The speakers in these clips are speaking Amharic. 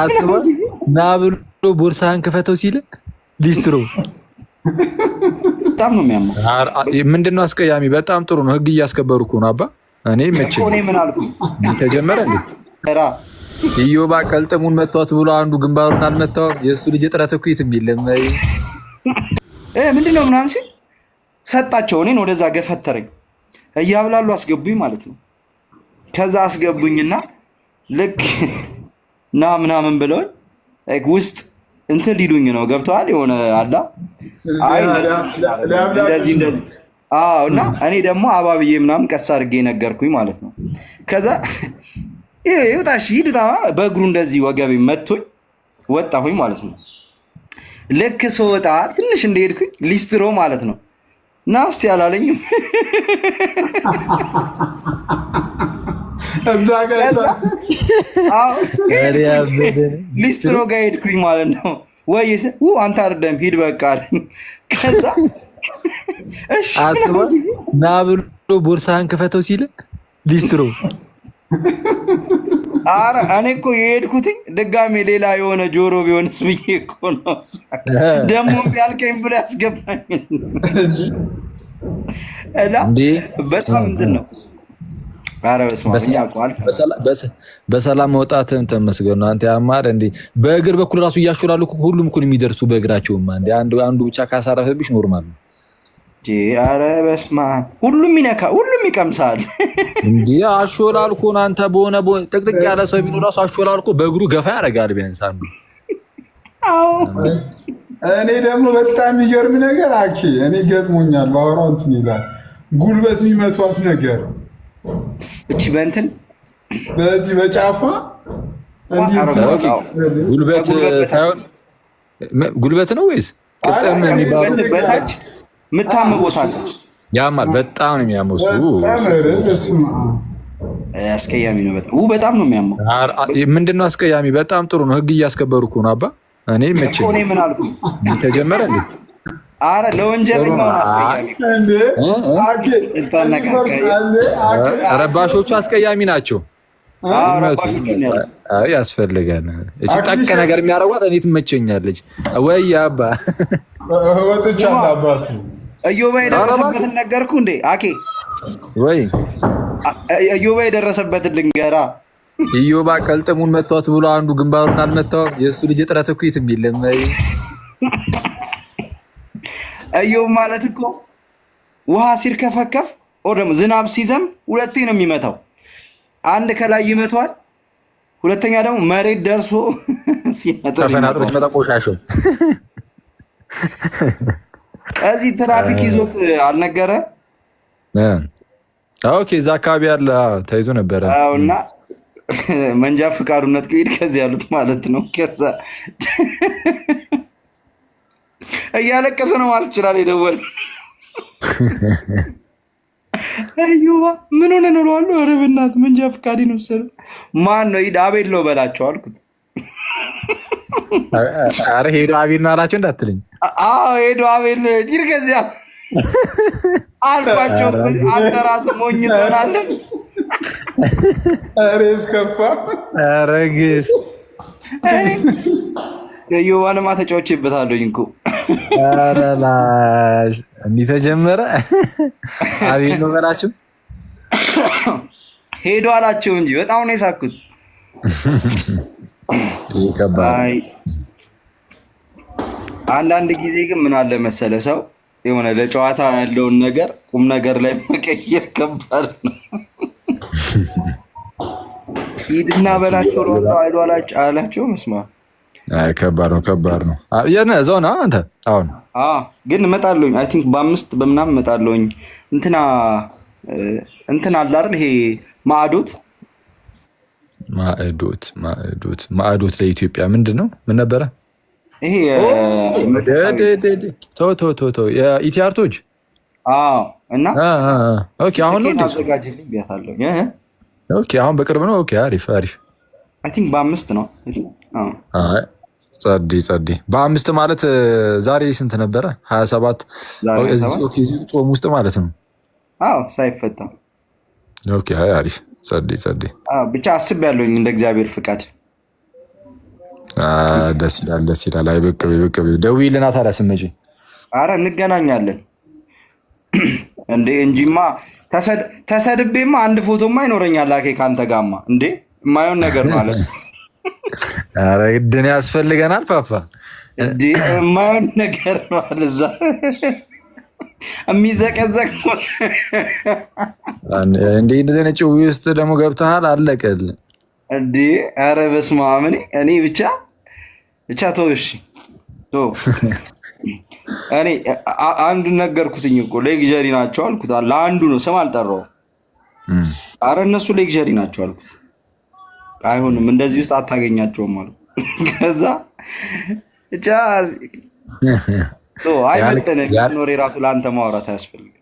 አስባ ና ብሎ ቦርሳህን ክፈተው ሲል ሊስትሮ በጣም ነው የሚያምር። ምንድን ነው አስቀያሚ? በጣም ጥሩ ነው። ህግ እያስከበሩ እኮ ነው አባ። እኔ መቼ ተጀመረ እንዴ? ኢዮባ ቀልጥሙን መቷት ብሎ አንዱ ግንባሩን አልመታው። የእሱ ልጅ ጥረት እኮ የትም የለም። ምንድን ነው ምናምን ሲል ሰጣቸው። እኔን ወደዛ ገፈተረኝ። እያብላሉ አስገቡኝ ማለት ነው። ከዛ አስገቡኝና ልክ ና ምናምን ብለውኝ ውስጥ እንትን ሊሉኝ ነው ገብተዋል። የሆነ አላ እና እኔ ደግሞ አባብዬ ምናምን ቀስ አድርጌ ነገርኩኝ ማለት ነው። ከዛ ይውጣሽ ሂድታ በእግሩ እንደዚህ ወገቤ መቶኝ ወጣሁኝ ማለት ነው። ልክ ስወጣ ትንሽ እንደሄድኩኝ ሊስትሮ ማለት ነው እና እስቲ አላለኝም እዛ ጋር ሊስትሮ ጋር ሄድኩኝ ማለት ነው። ወይ አንተ አርደም ሂድ በቃ አለኝ። ከዛ አስበ ና ብሎ ቦርሳህን ክፈተው ሲል ሊስትሮ። አረ እኔ እኮ የሄድኩትኝ ድጋሜ ሌላ የሆነ ጆሮ ቢሆንስ ብዬ እኮ ነው። ደግሞ ቢያልቀኝ ብሎ ያስገባኝ እና በጣም እንትን ነው በሰላም መውጣትም ተመስገን ነው። አንተ ያማር እንዴ! በእግር በኩል ራሱ እያሾላሉ ሁሉም እኮ የሚደርሱ በእግራቸውማ። እንዴ አንዱ አንዱ ብቻ ካሳረፈብሽ ኖርማል ነው። አረ በስማ ሁሉም ይነካ ሁሉም ይቀምሳል። እንዲ አሾላልኮን አንተ በሆነ ጥቅጥቅ ያለ ሰው ቢኖር ራሱ አሾላልኮ በእግሩ ገፋ ያደርጋል ቢያንስ አንዱ። እኔ ደግሞ በጣም የሚገርም ነገር አኬ እኔ ገጥሞኛል። ባወራው እንትን ይላል ጉልበት የሚመቷት ነገር እቺ በእንትን በዚህ በጫፏ ጉልበት ሳይሆን ጉልበት ነው ወይስ ቅጥም የሚባለው በታች ምታም ቦታ ያማል። በጣም ነው የሚያመው። አስቀያሚ ነው። በጣም ነው የሚያመው። ምንድን ነው አስቀያሚ? በጣም ጥሩ ነው። ህግ እያስከበሩ እኮ ነው አባ። እኔ መቼ ተጀመረ እንዴ? አረ ለወንጀለኛው ረባሾቹ አስቀያሚ ናቸው። ያስፈልጋል እቺ ጠቅ ነገር የሚያረጓት እኔ ትመቸኛለች ወይ አባ ወጥቻ አባቱ እዮባ የደረሰበትን ነገርኩ እንዴ አኬ ወይ እዮባ የደረሰበትን ልንገራ እዮባ ቀልጥሙን መቷት ብሎ አንዱ ግንባሩን አልመታውም። የእሱ ልጅ ጥረት እኮ የትም የለም እዮብ ማለት እኮ ውሃ ሲርከፈከፍ ኦር ደግሞ ዝናብ ሲዘም ሁለቴ ነው የሚመታው። አንድ ከላይ ይመታዋል፣ ሁለተኛ ደግሞ መሬት ደርሶ ሲመጣ ቆሻሾ እዚህ ትራፊክ ይዞት አልነበረ። ኦኬ እዛ አካባቢ ያለ ተይዞ ነበረ እና መንጃ ፈቃዱነት ከሄድ ከዚህ ያሉት ማለት ነው ከዛ እያለቀሰ ነው ማለት ይችላል። የደወል አዩባ ምን ሆነ ነው ኖረዋሉ ርብናት መንጃ ፈቃዴን ወሰደ። ማን ነው ሂድ አቤል ነው በላቸው አልኩት። አረ ሄዶ አቤል ነው አላቸው እንዳትልኝ። አዎ ሄዶ አቤል ነው ሂድ ከዚያ አልኳቸው። አንተ ራስህ ሞኝ ትሆናለህ። ሬስ ከፋ ረግስ የዋንማ ተጫውቼበታለሁኝ እኮ ኧረ ላሽ እንዲህ ተጀመረ። አቤት ነው በላችሁ ሄዶ አላቸው እንጂ በጣም ነው የሳኩት። አንዳንድ ጊዜ ግን ምን አለ መሰለ ሰው የሆነ ለጨዋታ ያለውን ነገር ቁም ነገር ላይ መቀየር ከባድ ነው። ሂድና በላቸው ሮ አይዶ አላቸው መስማ ከባድ ነው፣ ከባድ ነው። የነ ነህ አንተ አሁን? ግን እመጣለሁኝ። አይ ቲንክ በአምስት በምናምን እመጣለሁኝ። እንትና እንትና አለ አይደል? ይሄ ማዕዶት ማዕዶት ማዕዶት ማዕዶት ለኢትዮጵያ ምንድን ነው? ምን ነበረ ይሄ? ተው ተው ተው ተው፣ የኢቲአርቶች እና አሁን በቅርብ ነው። አሪፍ አሪፍ። አይ ቲንክ በአምስት ነው። ጸዴ ጸዴ በአምስት ማለት ዛሬ ስንት ነበረ? ሀያ ሰባት ጾም ውስጥ ማለት ነው። አዎ ሳይፈታ አሪፍ። ጸዴ ጸዴ ብቻ አስብ ያለኝ እንደ እግዚአብሔር ፍቃድ። ደስ ይላል፣ ደስ ይላል። አይ ብቅ ብቅ ደውዪልና ታዲያ ስመጪ። አረ እንገናኛለን እንዴ እንጂማ ተሰድቤማ አንድ ፎቶማ ይኖረኛል። ላኬ ከአንተ ጋማ እንዴ የማየውን ነገር ማለት ድን ያስፈልገናል ፓፓ እንዲህ የማይሆን ነገር ነው እዛ የሚዘቀዘቅ እንዲህ እንደዚህ ጭዊ ውስጥ ደግሞ ገብተሃል፣ አለቀል እንዲ አረ በስመ አብ! እኔ ብቻ ብቻ ተው እሺ። እኔ አንዱን ነገርኩትኝ እኮ ሌግዠሪ ናቸው አልኩት። ለአንዱ ነው ስም አልጠራው። አረ እነሱ ሌግዠሪ ናቸው አልኩት። አይሆንም እንደዚህ ውስጥ አታገኛቸውም አሉ። ከዛ ብቻ አይመጠንም ኖሬ ራሱ ለአንተ ማውራት አያስፈልግም።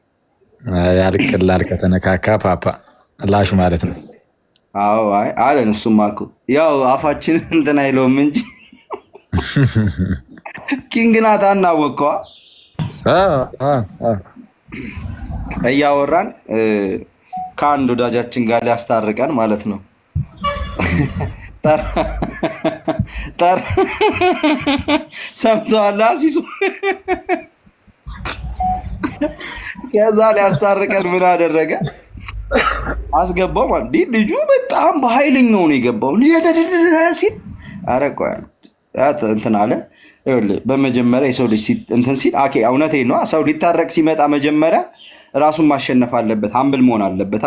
ያልቅላል ከተነካካ ፓፓ ላሽ ማለት ነው። አዎ አይ አለን። እሱማ እኮ ያው አፋችን እንትን አይለውም እንጂ ኪንግ ናት አናወቅከዋ እያወራን ከአንድ ወዳጃችን ጋር ሊያስታርቀን ማለት ነው። ሰምተዋል። አሲሱ ከዛ ሊያስታርቀን ምን አደረገ? አስገባው ማለት ልጁ በጣም በኃይለኛው ነው የገባው ሲል እንትን አለ። በመጀመሪያ የሰው ልጅ እንትን ሲል እውነቴ ነው። ሰው ሊታረቅ ሲመጣ መጀመሪያ ራሱን ማሸነፍ አለበት፣ ሀምብል መሆን አለበት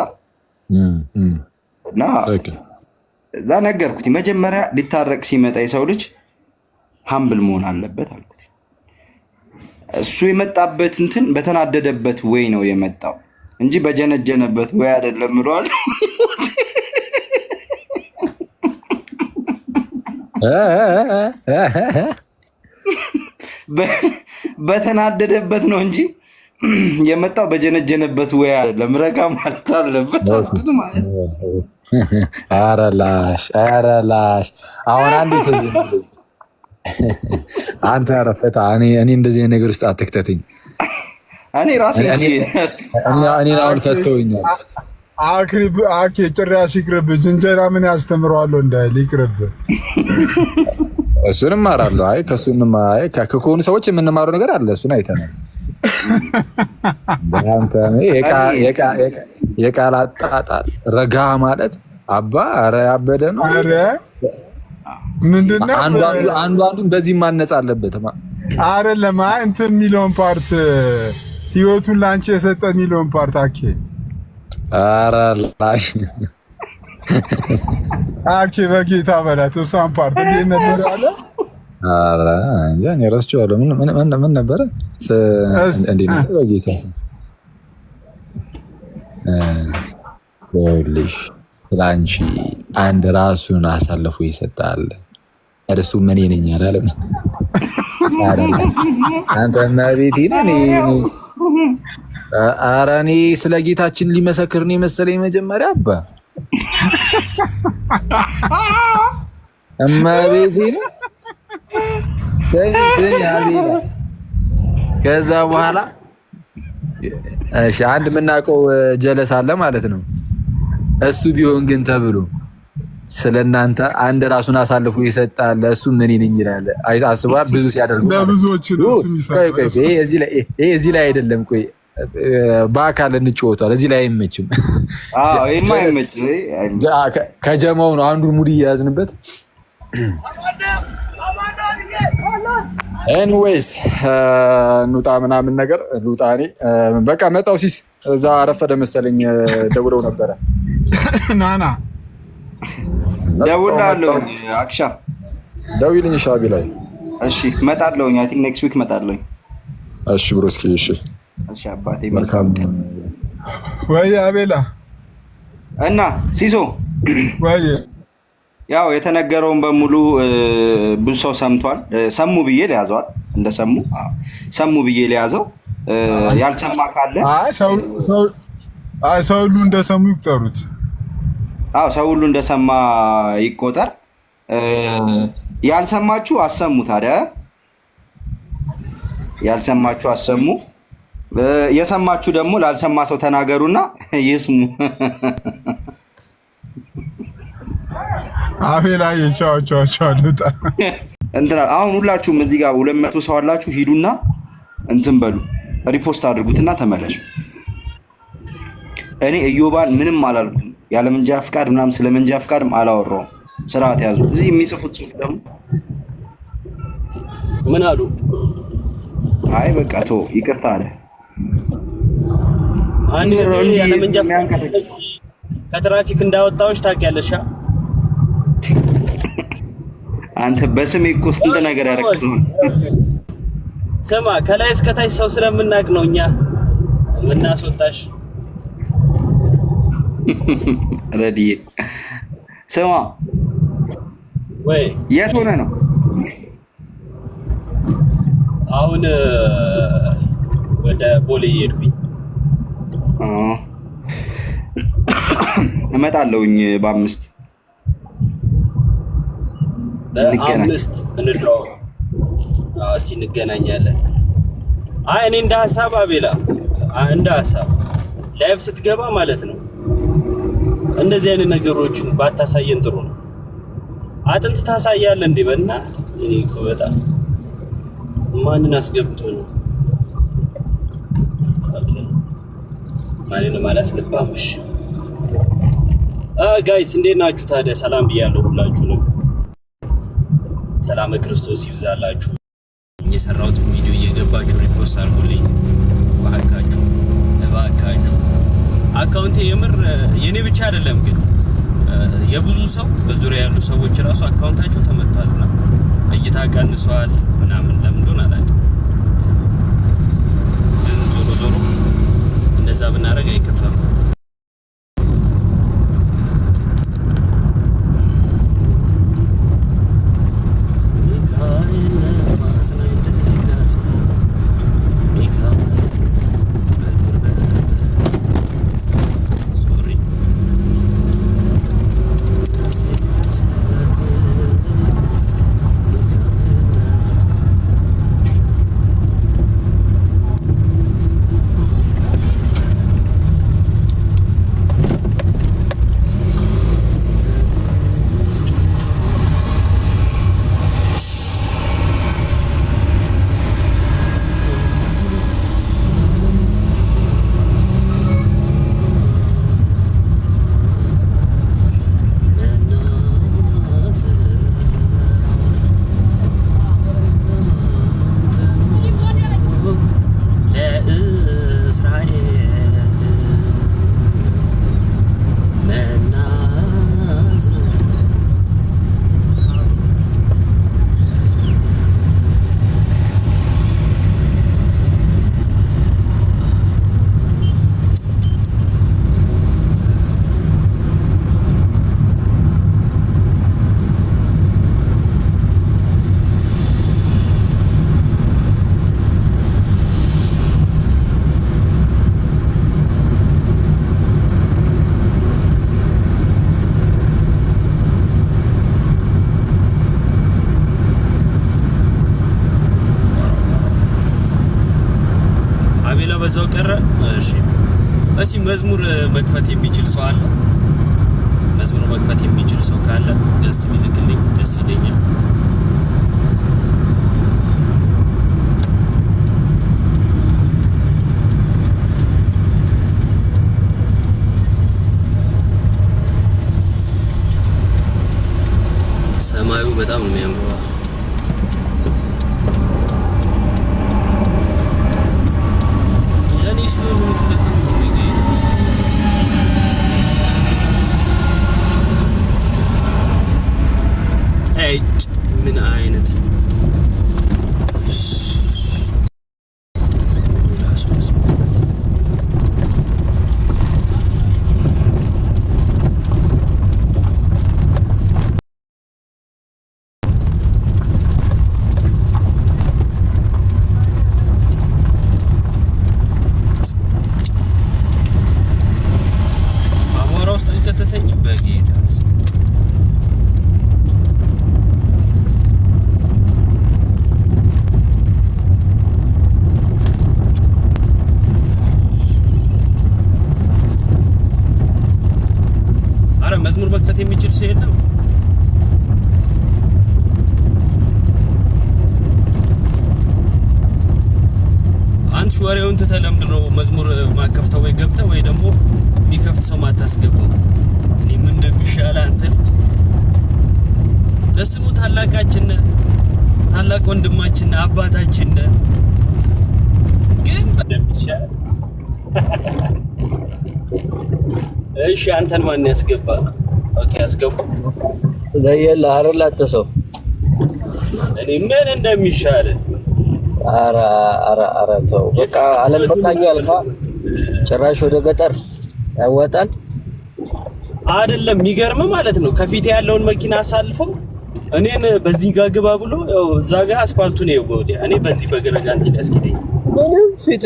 እና እዛ ነገርኩት። መጀመሪያ ሊታረቅ ሲመጣ የሰው ልጅ ሀምብል መሆን አለበት አልኩት። እሱ የመጣበት እንትን በተናደደበት ወይ ነው የመጣው እንጂ በጀነጀነበት ወይ አይደለም ብሏል። በተናደደበት ነው እንጂ የመጣው በጀነጀነበት ወይ አይደለም። ረጋ ማለት አለበት አልኩት ማለት አረላሽ አረላሽ አሁን አንድ አንተ ረፈታ እኔ እኔ እንደዚህ ነገር ውስጥ አትክተትኝ። እኔ ራሴ እኔን አሁን ከተውኛል። አኬ ጭራሽ ይቅርብህ። ዝንጀራ ምን ያስተምረዋለሁ እንዳይል ይቅርብህ። እሱን እማራለሁ። አይ ከእሱንም አይ ከሆኑ ሰዎች የምንማረው ነገር አለ። እሱን አይተናል። የቃል አጣጣል ረጋ ማለት አባ ኧረ ያበደ ነው። ምንድነው አንዱ አንዱን በዚህ ማነጽ አለበት። አይደለም እንትን የሚለውን ፓርት ህይወቱን ለአንቺ የሰጠ የሚለውን ፓርት አኬ አራላሽ አኬ በጌታ በላት እሷን ፓርት እንዴት ነበር አለ አረ እንጃ እኔ ረስቼዋለሁ። ምን ምን ምን ነበረ እንዴ? በጌታ ልሽ ስለአንቺ አንድ ራሱን አሳልፎ ይሰጣል። እርሱ ምን ነኝ አላለም። አንተና ቤቴ ኧረ እኔ ስለ ጌታችን ሊመሰክር ነው የመሰለኝ። መጀመሪያ አባ እመቤቴ ነው። ከዛ በኋላ እሺ አንድ የምናውቀው ጀለስ አለ ማለት ነው። እሱ ቢሆን ግን ተብሎ ስለናንተ አንድ ራሱን አሳልፎ ይሰጣል። እሱ ምን ይልኝ ይላል። አስባ ብዙ ሲያደርጉ እዚህ ላይ አይደለም። ቆይ በአካል እንጫወቷል። እዚህ ላይ አይመችም። ከጀማው ነው አንዱ ሙድ እያያዝንበት ኤንዌይስ uh, ኑጣ ምናምን ነገር ሉጣ እኔ uh, በቃ መጣው ሲስ እዛ አረፈደ መሰለኝ። uh, ደውለው ነበረ ናና ደውላለሁ። አክሻ ደውልኝ ሻቢ ላይ እሺ፣ እመጣለሁኝ። አይ ቲንክ ኔክስት ዊክ እመጣለሁኝ። እሺ ብሮ እስኪ እሺ፣ እሺ አባቴ መልካም ወይ አቤላ እና ሲሶ ወይ ያው የተነገረውን በሙሉ ብዙ ሰው ሰምቷል። ሰሙ ብዬ ሊያዘዋል እንደሰሙ ሰሙ ብዬ ሊያዘው ያልሰማ ካለ ሰው ሁሉ እንደሰሙ ይቁጠሩት። አዎ ሰው ሁሉ እንደሰማ ይቆጠር። ያልሰማችሁ አሰሙ። ታዲያ ያልሰማችሁ አሰሙ። የሰማችሁ ደግሞ ላልሰማ ሰው ተናገሩና ይስሙ። አሜላ ላይ የቻዋቸዋቸዋሉጣ እንትና አሁን ሁላችሁም እዚህ ጋር ሁለት መቶ ሰው አላችሁ። ሂዱና እንትን በሉ ሪፖስት አድርጉትና ተመለሱ። እኔ እዮባን ምንም አላልኩም። ያለ መንጃ ፍቃድ ምናምን ስለ መንጃ ፍቃድም አላወራውም። ስርዓት ያዙ። እዚህ የሚጽፉት ጽሁፍ ደግሞ ምን አሉ? አይ በቃ ቶ ይቅርታ አለ። ከትራፊክ እንዳወጣዎች ታውቂያለሽ። አንተ በስሜ እኮ ስንት ነገር ያረክሰው። ስማ ከላይ እስከታች ሰው ስለምናቅ ነው እኛ የምናስወጣሽ። ረዲ ስማ፣ ወይ የት ሆነ ነው አሁን? ወደ ቦሌ ሄድኩኝ። እመጣለሁኝ በአምስት በአምስት እንድሮ እስቲ እንገናኛለን። አይ እኔ እንደ ሀሳብ አቤላ እንደ ሀሳብ ላይፍ ስትገባ ማለት ነው እንደዚህ አይነት ነገሮችን ባታሳየን ጥሩ ነው። አጥንት ታሳያለህ እንዴ? በእናትህ እኔ እኮ በጣም ማንን አስገብቶ ነው ማንንም አላስገባምሽ። ጋይስ እንዴት ናችሁ ታዲያ? ሰላም ብያለሁ ሁላችሁንም። ሰላም ክርስቶስ ይብዛላችሁ። የሰራሁት ቪዲዮ እየገባችሁ ሪፖስት አድርጉልኝ እባካችሁ እባካችሁ። አካውንቴ የምር የኔ ብቻ አይደለም ግን የብዙ ሰው በዙሪያ ያሉ ሰዎች ራሱ አካውንታቸው ተመቷልና እይታ ቀንሷል ምናምን ለምን እንደሆነ ግን ዞሮ ዞሮ እንደዛ ብናደርግ አይከፋም። እዛው ቀረ። እሺ እሺ፣ መዝሙር መክፈት የሚችል ሰው አለ? መዝሙር መክፈት የሚችል ሰው ካለ ደስ የሚልክልኝ ደስ ይለኛል። ትተህ ተለምድ ነው መዝሙር ማከፍተው? ወይ ገብተ ወይ ደግሞ የሚከፍት ሰው ማታስገባው? እኔ ምን እንደሚሻል አንተ ለስሙ ታላቃችን ታላቅ ወንድማችን አባታችን ግን እንደሚሻልህ እሺ፣ አንተን ማን ያስገባ? ኦኬ፣ ያስገቡ ዘየላ አረላተ ሰው እኔ ምን እንደሚሻል ኧረ ኧረ ኧረ ተው በቃ አለም በቃኝ አልካ። ጭራሽ ወደ ገጠር ያወጣል አይደለም። የሚገርም ማለት ነው። ከፊት ያለውን መኪና አሳልፎ እኔን በዚህ ጋ ግባ ብሎ እዛ ጋ አስፋልቱ ነው። እኔ በዚህ በገረጃ እንትን ያስኪደኝ ምንም ፊት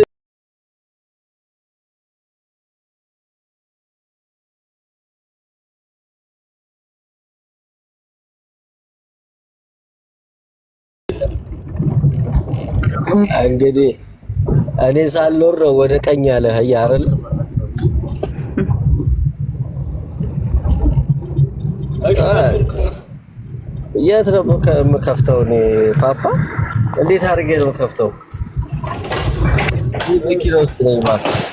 እንግዲህ እኔ ሳልኖር ነው ወደ ቀኝ ያለ ያረል የት ነው የምከፍተው? እኔ ፓፓ እንዴት አድርጌ ነው የምከፍተው? ኪሎ ውስጥ ነው